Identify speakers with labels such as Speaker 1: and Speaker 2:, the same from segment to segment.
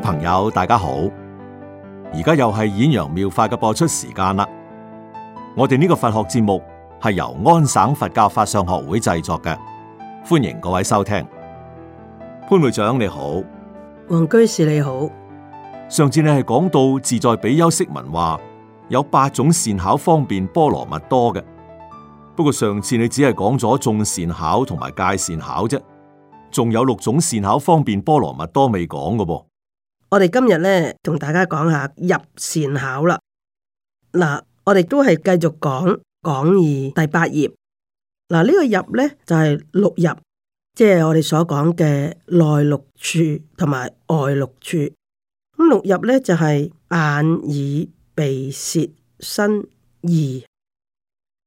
Speaker 1: 朋友，大家好！而家又係演揚妙,妙法嘅播出時間啦。我哋呢個佛學節目係由安省佛教法相學會製作嘅，歡迎各位收聽。潘會長你好，
Speaker 2: 黃居士你好。上次你係
Speaker 1: 講到自在比丘釋文話有八種善巧方便波羅蜜多嘅，不過上次你只係講咗眾善巧同埋界善巧啫，仲有六種善巧方便波羅蜜多未講嘅噃？
Speaker 2: 我哋今日咧同大家講下入善考啦。嗱，我哋都係繼續講講義第八頁。嗱，呢、這個入咧就係、是、六入，即係我哋所講嘅內六處同埋外六處。咁六入咧就係、是、眼耳鼻舌身意，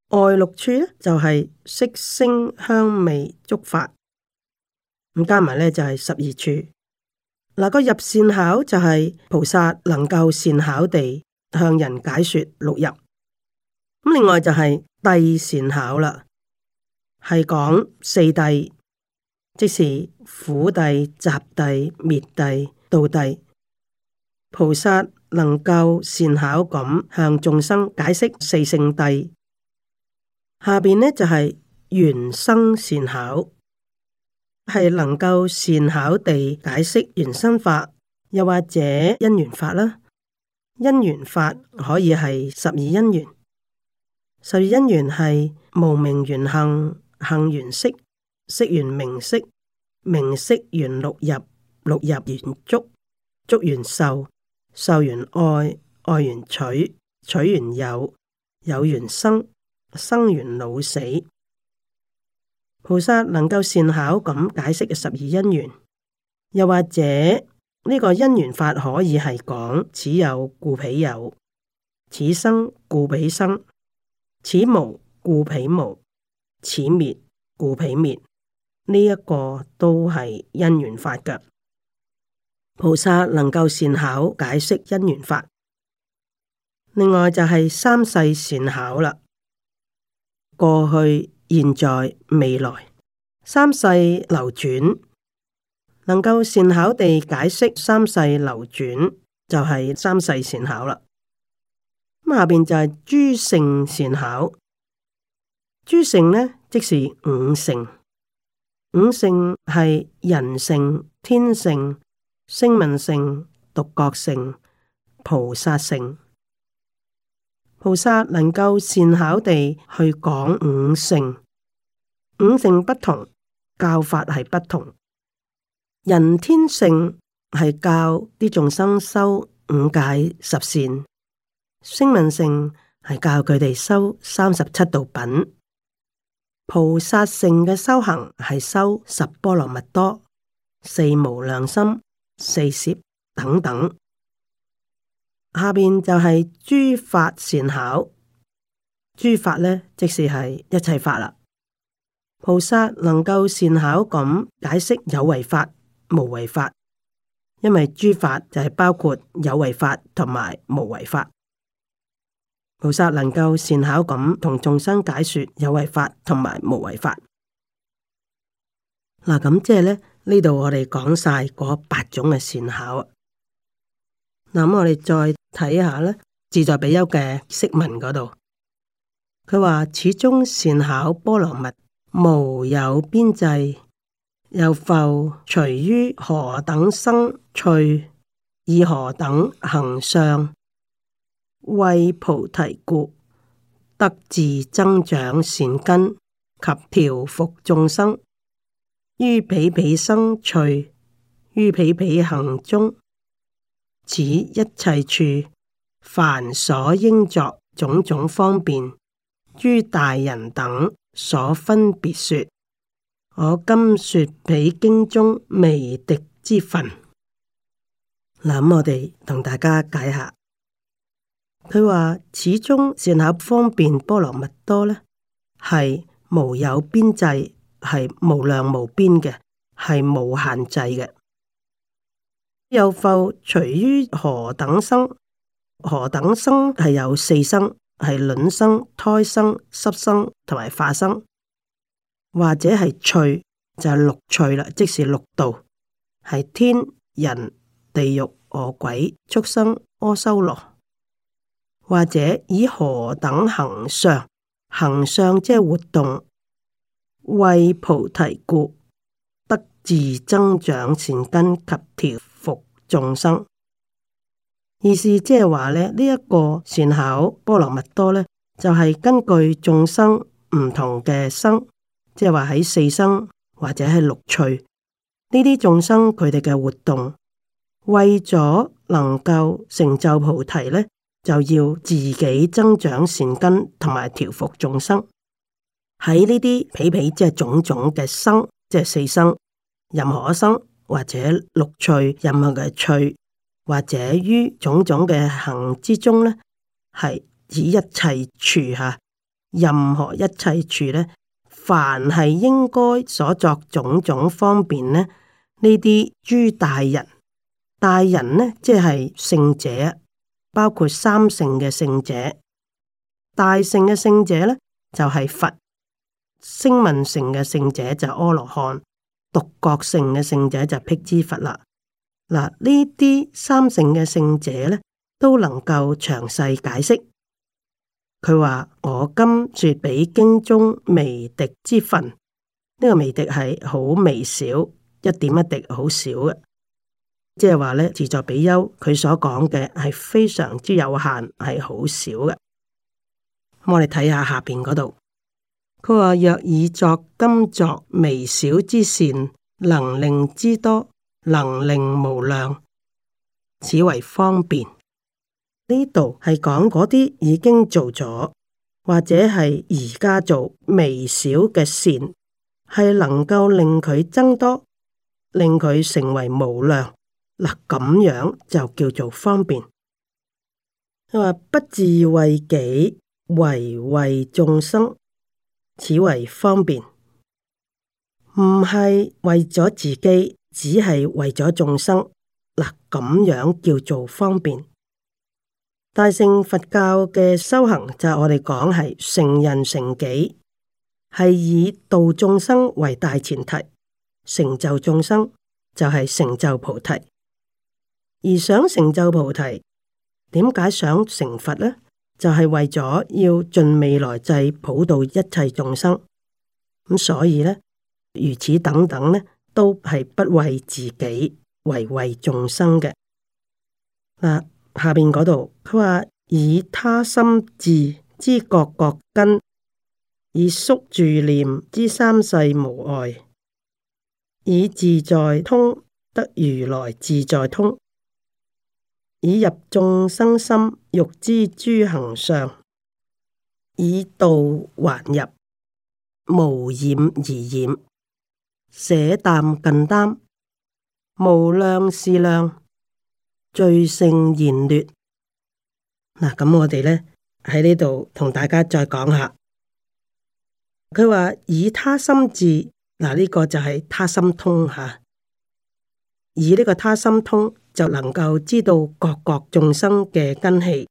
Speaker 2: 外六處咧就係、是、色聲香味觸法。咁加埋咧就係、是、十二處。嗱，那個入善巧就係菩薩能夠善巧地向人解說六入，咁另外就係諦善巧啦，係講四諦，即是苦諦、集諦、滅諦、道諦。菩薩能夠善巧咁向眾生解釋四聖諦。下邊呢，就係緣生善巧。係能夠善巧地解釋緣生法，又或者因緣法啦。因緣法可以係十二因緣。十二因緣係無明緣行，行緣識，識緣名色，名色緣六入，六入緣足，足緣受，受緣愛，愛緣取，取緣有，有緣生，生緣老死。菩薩能夠善巧咁解釋十二因緣，又或者呢個因緣法可以係講此有故彼有，此生故彼生，此無故彼無，此滅故彼滅。呢一個都係因緣法嘅。菩薩能夠善巧解釋因緣法。另外就係三世善巧啦，過去。現在、未來、三世流轉，能夠善巧地解釋三世流轉，就係、是、三世善巧啦。下面就係諸聖善巧，諸聖呢，即是五聖。五聖係人性、天性、聲聞性、獨覺性、菩薩性。菩薩能夠善巧地去講五聖。五性不同，教法係不同。人天性係教啲眾生修五戒十善，聲聞性係教佢哋修三十七道品，菩薩性嘅修行係修十波羅蜜多、四無量心、四攝等等。下面就係諸法善巧，諸法呢，即是係一切法啦。菩薩能夠善巧咁解釋有為法、無為法，因為諸法就係包括有為法同埋無為法。菩薩能夠善巧咁同眾生解說有為法同埋無為法。嗱，咁即係呢度我哋講晒嗰八種嘅善巧啊。咁我哋再睇下呢，自在比丘嘅釋文嗰度，佢話始終善巧波羅蜜。無有邊際，又復隨於何等生趣，以何等行相，為菩提故，得自增長善根及調伏眾生，於彼彼生趣，於彼彼行中，此一切處，凡所應作種種方便，於大人等。所分別說，我今說彼經中未敵之分。嗱，咁我哋同大家解下。佢話始終善巧方便波羅蜜多呢，係無有邊際，係無量無邊嘅，係無限制嘅。又否隨於何等生？何等生係有四生。係卵生、胎生、濕生同埋化生，或者係趣就係六趣啦，即是六道，係天、人、地獄、餓鬼、畜生、阿修羅，或者以何等行相？行相即係活動，為菩提故，得自增長善根及調伏眾生。意思即係話咧，呢、這、一個善巧波羅蜜多咧，就係、是、根據眾生唔同嘅生，即係話喺四生或者係六趣呢啲眾生佢哋嘅活動，為咗能夠成就菩提咧，就要自己增長善根同埋調伏眾生。喺呢啲彼彼即係種種嘅生，即係四生，任何一生或者六趣任何嘅趣，或者於種種嘅行之中咧，係以一切處吓，任何一切處咧，凡係應該所作種種方便呢，呢啲諸大人，大人呢，即係聖者，包括三聖嘅聖者，大聖嘅聖者咧，就係佛，聲聞聖嘅聖者就阿羅漢，獨覺聖嘅聖者就辟支佛啦。嗱，呢啲三性嘅聖者咧，都能夠詳細解釋。佢話我今說彼經中微滴之分，呢、這個微滴係好微小，一點一滴好少嘅，即係話咧自作比丘佢所講嘅係非常之有限，係好少嘅。咁我哋睇下下邊嗰度，佢話若以作今作微小之善，能令之多。能令無量，此為方便。呢度係講嗰啲已經做咗，或者係而家做微小嘅善，係能夠令佢增多，令佢成為無量。嗱，咁樣就叫做方便。佢話不自為己，為為眾生，此為方便，唔係為咗自己。只係為咗眾生嗱，咁樣叫做方便。大乘佛教嘅修行就係我哋講係成人成己，係以度眾生為大前提，成就眾生就係成就菩提。而想成就菩提，點解想成佛呢？就係、是、為咗要盡未來際普渡一切眾生。咁所以呢，如此等等呢，都係不為自己，為為眾生嘅，嗱、啊。下邊嗰度，佢話以他心智知各各根，以宿住念知三世無礙，以自在通得如來自在通，以入眾生心欲知諸行相，以道還入無染而染。捨擔近擔，無量是量，最勝言劣。嗱，咁我哋咧喺呢度同大家再講下。佢話以他心智，嗱、這、呢個就係他心通吓。以呢個他心通就能夠知道各各眾生嘅根器。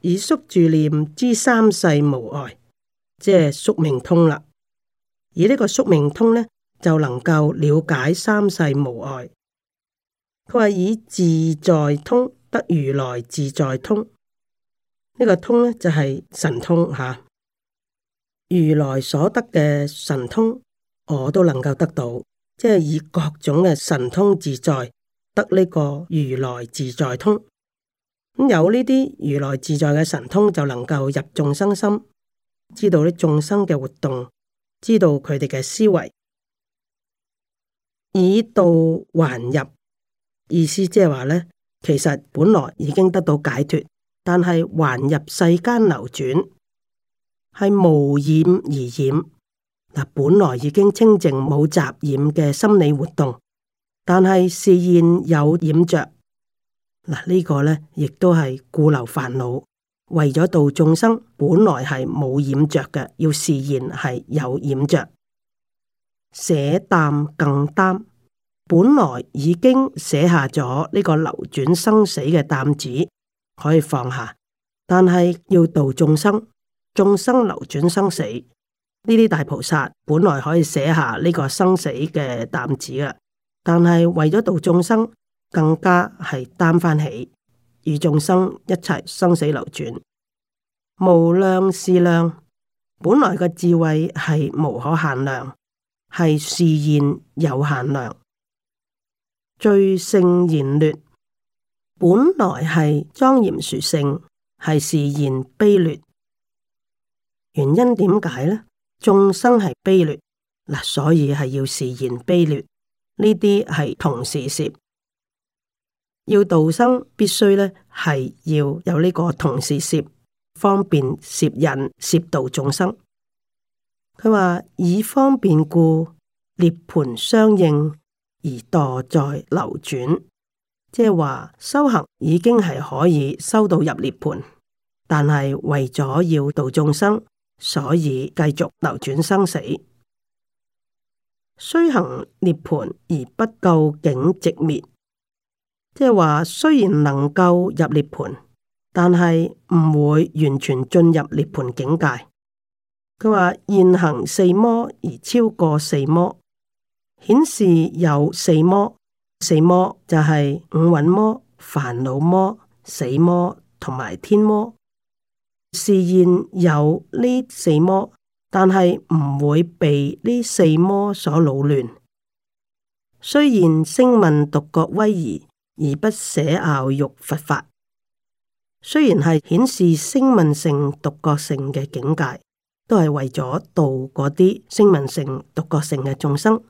Speaker 2: 以宿住念知三世無礙，即係宿命通啦。以呢個宿命通呢，就能夠了解三世無礙。佢話以自在通得如來自在通，呢、這個通呢，就係、是、神通吓，如來所得嘅神通我都能夠得到，即係以各種嘅神通自在得呢個如來自在通。有呢啲如來自在嘅神通就能夠入眾生心，知道呢眾生嘅活動。知道佢哋嘅思維，以道還入，意思即係話咧，其實本來已經得到解脫，但係還入世間流轉，係無染而染。嗱，本來已經清淨冇雜染嘅心理活動，但係是事現有染着。嗱、這個，呢個咧亦都係故留煩惱。為咗度眾生，本來係冇染着嘅，要示現係有染着，捨擔更擔。本來已經寫下咗呢個流轉生死嘅擔子，可以放下，但係要度眾生，眾生流轉生死，呢啲大菩薩本來可以寫下呢個生死嘅擔子㗎，但係為咗度眾生，更加係擔翻起。與眾生一齊生死流轉，無量是量，本來嘅智慧係無可限量，係示現有限量。最勝言劣，本來係莊嚴殊勝，係示現卑劣。原因點解呢？眾生係卑劣，嗱，所以係要示現卑劣。呢啲係同時涉。要度生，必須呢，係要有呢個同事攝，方便攝人攝度眾生。佢話以方便故，涅盤相應而墮在流轉，即係話修行已經係可以修到入涅盤，但係為咗要度眾生，所以繼續流轉生死，雖行涅盤而不究竟寂滅。即係話，雖然能夠入涅盤，但係唔會完全進入涅盤境界。佢話現行四魔而超過四魔，顯示有四魔。四魔就係五蘊魔、煩惱魔、死魔同埋天魔。示現有呢四魔，但係唔會被呢四魔所擾亂。雖然聲聞獨覺威儀，而不捨傲欲佛法，雖然係顯示聲聞性獨覺性嘅境界，都係為咗度嗰啲聲聞性獨覺性嘅眾生，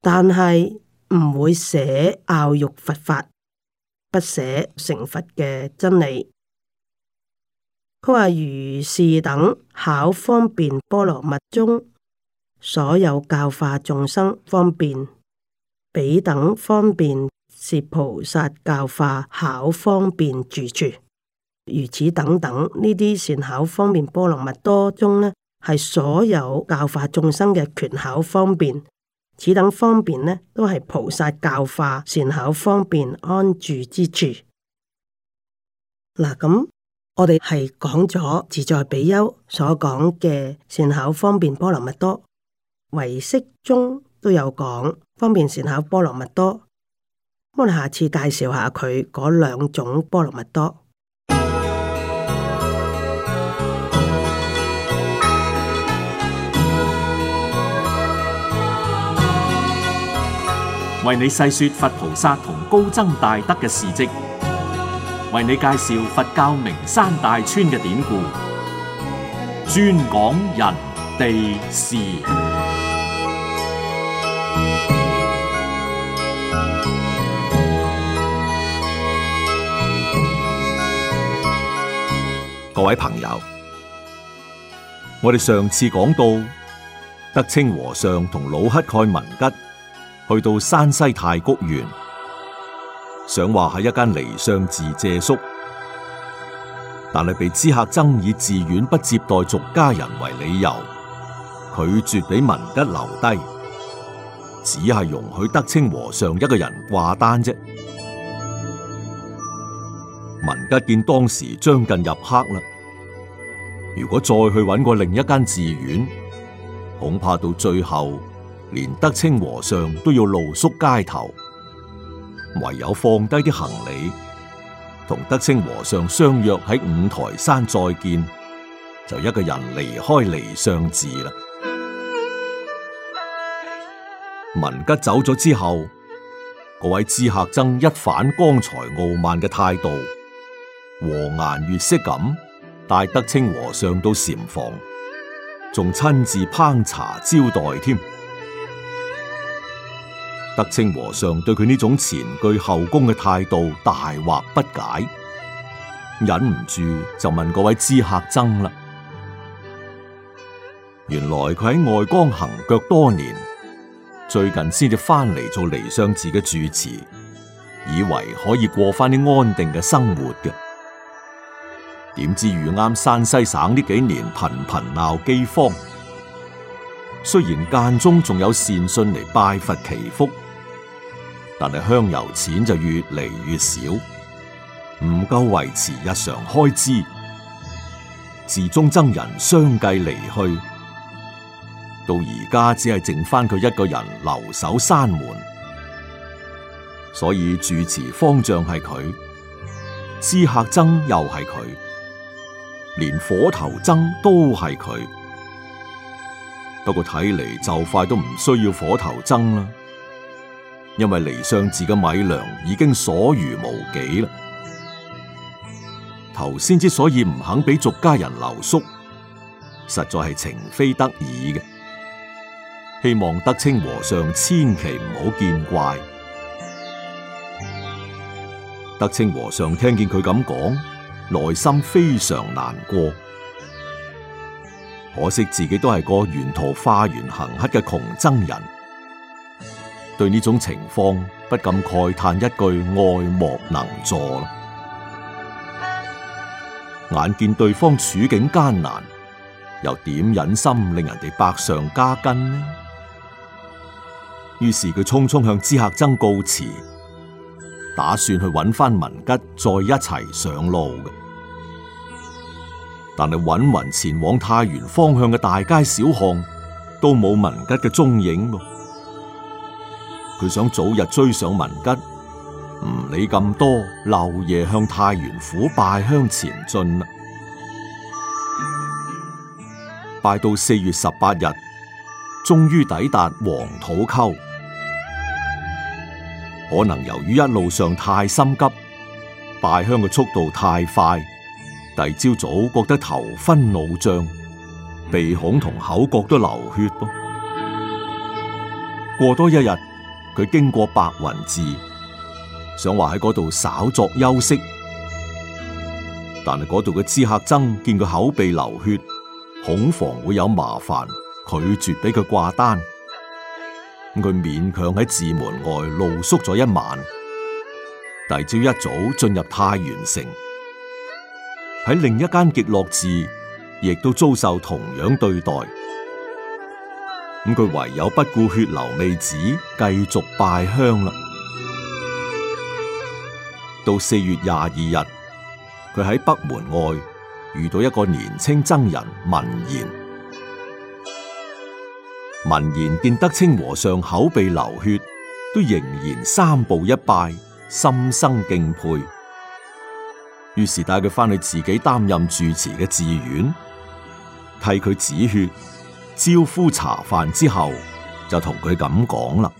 Speaker 2: 但係唔會捨傲欲佛法，不捨成佛嘅真理。佢話如是等巧方便波羅蜜中，所有教化眾生方便，彼等方便。是菩薩教化巧方便住處，如此等等呢啲善巧方便波羅蜜多中呢，係所有教化眾生嘅權巧方便。此等方便呢，都係菩薩教化善巧方便安住之處。嗱、啊，咁我哋係講咗自在比丘所講嘅善巧方便波羅蜜多，維識中都有講方便善巧波羅蜜多。我哋下次介紹下佢嗰兩種波羅蜜多。
Speaker 1: 為你細說佛菩薩同高僧大德嘅事跡，為你介紹佛教名山大川嘅典故，專講人地事。各位朋友，我哋上次講到，德清和尚同老乞丐文吉去到山西太谷縣，想話喺一間離相寺借宿，但係被知客爭以寺院不接待俗家人為理由，拒絕俾文吉留低，只係容許德清和尚一個人掛單啫。文吉見當時將近入黑啦，如果再去揾個另一間寺院，恐怕到最後連德清和尚都要露宿街頭，唯有放低啲行李，同德清和尚相約喺五台山再見，就一個人離開離相寺啦。文吉走咗之後，嗰位知客僧一反剛才傲慢嘅態度。和顏悅色咁帶德清和尚到禪房，仲親自烹茶招待添。德清和尚對佢呢種前倨後恭嘅態度大惑不解，忍唔住就問嗰位知客僧啦。原來佢喺外江行腳多年，最近先至翻嚟，做離相寺嘅住持，以為可以過翻啲安定嘅生活嘅。點知遇啱山西省呢幾年頻頻鬧饑荒，雖然間中仲有善信嚟拜佛祈福，但係香油錢就越嚟越少，唔夠維持日常開支。寺中僧人相繼離去，到而家只係剩返佢一個人留守山門，所以住持方丈係佢，知客僧又係佢。連火頭僧都係佢，不過睇嚟就快都唔需要火頭僧啦，因為離相寺嘅米糧已經所餘無幾啦。頭先之所以唔肯俾俗家人留宿，實在係情非得已嘅，希望德清和尚千祈唔好見怪。德清和尚聽見佢咁講。內心非常難過，可惜自己都係個沿途化緣行乞嘅窮僧人，對呢種情況不敢慨嘆一句愛莫能助。眼見對方處境艱難，又點忍心令人哋百上加斤呢？於是佢匆匆向知客僧告辭。打算去搵翻文吉再一齊上路嘅，但係搵云前往太原方向嘅大街小巷都冇文吉嘅蹤影。佢想早日追上文吉，唔理咁多，漏夜向太原府拜鄉前進。拜到四月十八日，終於抵達黃土溝。可能由於一路上太心急，拜香嘅速度太快，第二朝早覺得頭昏腦脹，鼻孔同口角都流血噃。過多一日，佢經過白雲寺，想話喺嗰度稍作休息，但係嗰度嘅知客僧見佢口鼻流血，恐防會有麻煩，拒絕俾佢掛單。咁佢勉強喺寺門外露宿咗一晚，大朝一早進入太原城，喺另一間極樂寺亦都遭受同樣對待。咁佢唯有不顧血流未止，繼續拜香啦。到四月廿二日，佢喺北門外遇到一個年青僧人聞言。聞言，見德清和尚口鼻流血，都仍然三步一拜，心生敬佩。於是帶佢翻去自己擔任住持嘅寺院，替佢止血，招呼茶飯之後，就同佢咁講啦。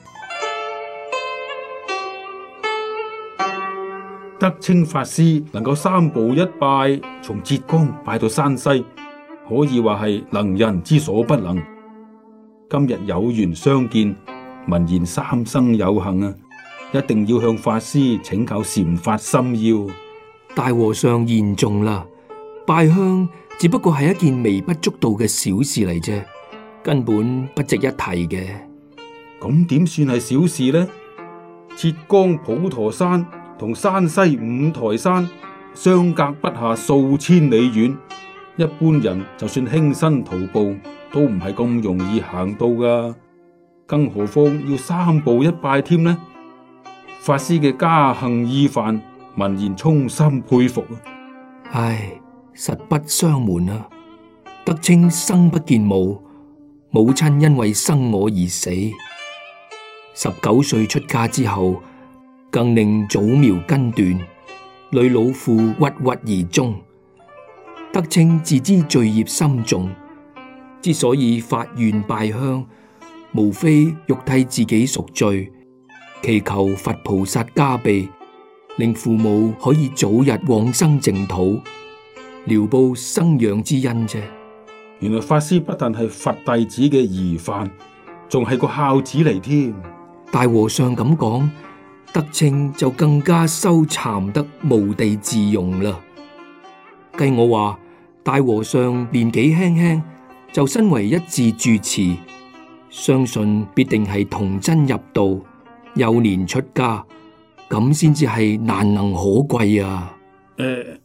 Speaker 3: 德清法師能夠三步一拜，從浙江拜到山西，可以話係能人之所不能。今日有緣相見，聞言三生有幸啊！一定要向法師請求禪法心要。大
Speaker 4: 和尚言重啦，拜香只不過係一件微不足道嘅小
Speaker 3: 事嚟啫，根本不值一提嘅。咁點算係小事呢？浙江普陀山同山西五台山相隔不下數千里遠，一般人就算輕身徒步，都唔係咁容易行到噶更何況要三步一拜添呢？法師嘅家幸義範，聞言衷心佩服。唉，實不相瞞啊，德清生不
Speaker 4: 見母，母親因為生我而死。十九歲出家之後，更令祖廟根斷，女老父鬱鬱而終。德清自知罪孽深重。之所以發願拜香，無非欲替自己贖罪，祈求佛菩薩加被，令父母可以早日往生淨土，了報生養之恩啫。原來法師不但係佛弟子嘅儀範，仲係個孝子嚟添。大和尚咁講，德清就更加羞慚得無地自容啦。計我話，大和尚年紀輕輕。就身為一寺住持，相信必定係童真入道、幼年出家，咁先至係難能可貴啊！
Speaker 3: 誒，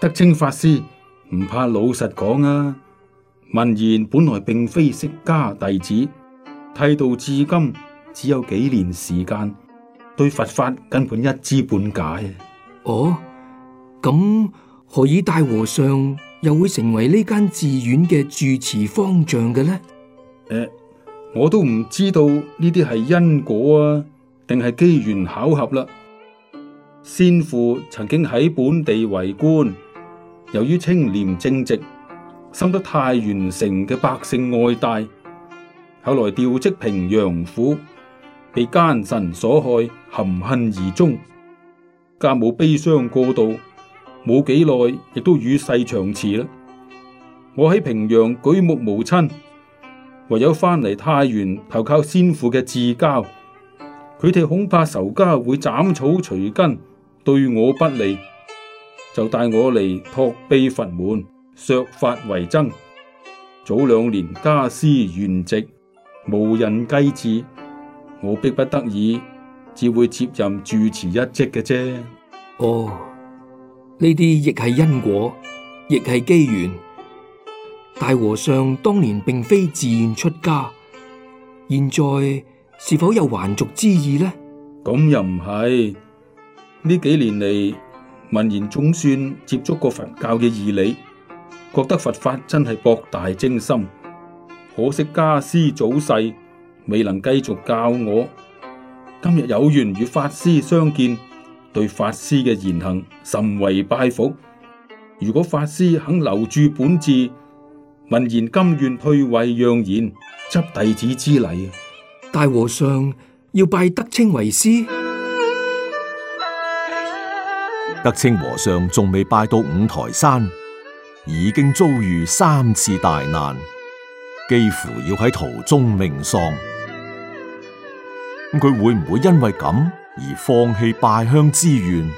Speaker 3: 德清法師唔怕老實講啊，文言本來並非釋家弟子，剃度至今只有幾年時間，對佛法根本一知半解。哦，
Speaker 4: 咁何以大和尚，又會成為呢間寺院嘅
Speaker 3: 住持方丈嘅呢？誒，我都唔知道呢啲係因果啊，定係機緣巧合啦。先父曾經喺本地為官，由於清廉正直，深得太原城嘅百姓愛戴。後來調職平陽府，被奸臣所害，含恨而終。家母悲傷過度。冇幾耐，亦都與世長辭啦。我喺平陽舉目無親，唯有翻嚟太原投靠先父嘅至交，佢哋恐怕仇家會斬草除根，對我不利，就帶我嚟託庇佛門，削髮為僧。早兩年家師圓寂，無人繼志，我迫不得已，只會接任住持一職嘅啫。哦。Oh. 呢啲亦係因果，亦係機緣。大
Speaker 4: 和尚當年並非自願出家，現在是否有
Speaker 3: 還俗之意呢？咁又唔係。呢幾年嚟，文言總算接觸過佛教嘅義理，覺得佛法真係博大精深。可惜家師早逝，未能繼續教我。今日有緣與法師相見。對法師嘅言行甚為拜服。如果法師肯留住本字，聞言甘願退位讓賢，執弟子之禮。大和尚要拜德清為師，德
Speaker 1: 清和尚仲未拜到五台山，已經遭遇三次大難，幾乎要喺途中命喪。咁佢會唔會因為咁？而放棄拜香之願，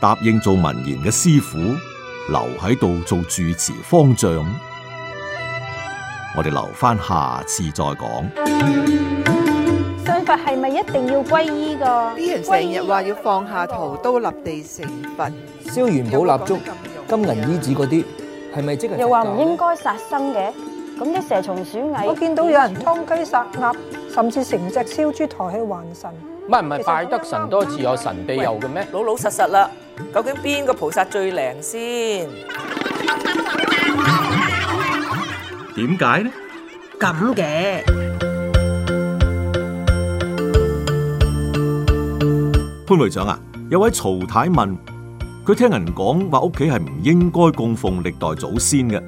Speaker 1: 答應做文言嘅師傅，留喺度做住持方丈。我哋留翻下次再講。
Speaker 4: 信佛係咪一定要皈依噶？啲人成日話要放下屠刀立地成佛，燒元寶蠟燭、金銀衣紙嗰啲，係咪、啊、即係？又話唔應該殺生嘅，咁啲蛇蟲鼠蟻，我見到有人劏雞殺鴨，甚至成隻燒豬抬去還神。唔係唔係，拜得神多自有神庇佑嘅咩？老老實實啦，究竟邊個菩薩最靈先？
Speaker 1: 點解呢？
Speaker 4: 咁嘅
Speaker 1: 潘會長啊，有位曹太問佢聽人講話屋企係唔應該供奉歷代祖先嘅，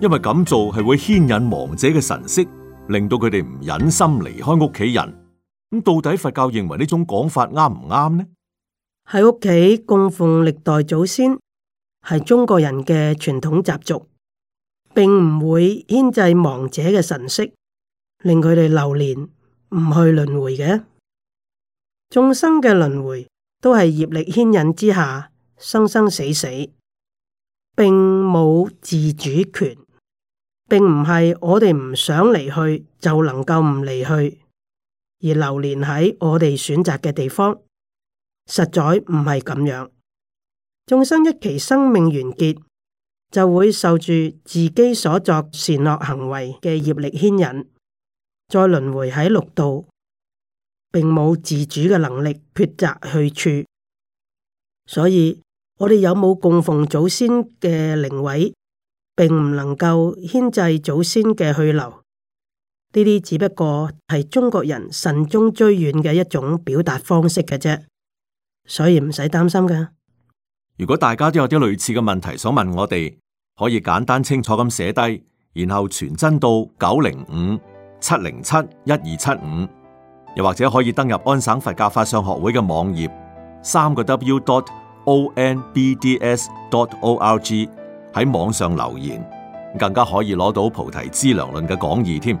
Speaker 1: 因為咁做係會牽引亡者嘅神色，令到佢哋唔忍心離開屋企人。咁到底佛教認為呢種講法啱唔啱呢？
Speaker 2: 喺屋企供奉歷代祖先係中國人嘅傳統習俗，並唔會牽制亡者嘅神識，令佢哋流連唔去輪回嘅。眾生嘅輪回都係業力牽引之下生生死死，並冇自主權，並唔係我哋唔想離去就能夠唔離去。而流連喺我哋選擇嘅地方，實在唔係咁樣。眾生一期生命完結，就會受住自己所作善惡行為嘅業力牽引，再輪回喺六道，並冇自主嘅能力抉擇去處。所以我哋有冇供奉祖先嘅靈位，並唔能夠牽制祖先嘅去留。呢啲只不過係中國人慎終追遠嘅一種表達方式嘅啫，所以唔使擔心噶。
Speaker 1: 如果大家都有啲類似嘅問題想問我哋，可以簡單清楚咁寫低，然後傳真到九零五七零七一二七五，75, 又或者可以登入安省佛教法相學會嘅網頁，三個 w.dot.o.n.b.d.s.dot.o.r.g 喺網上留言，更加可以攞到菩提資糧論嘅講義添。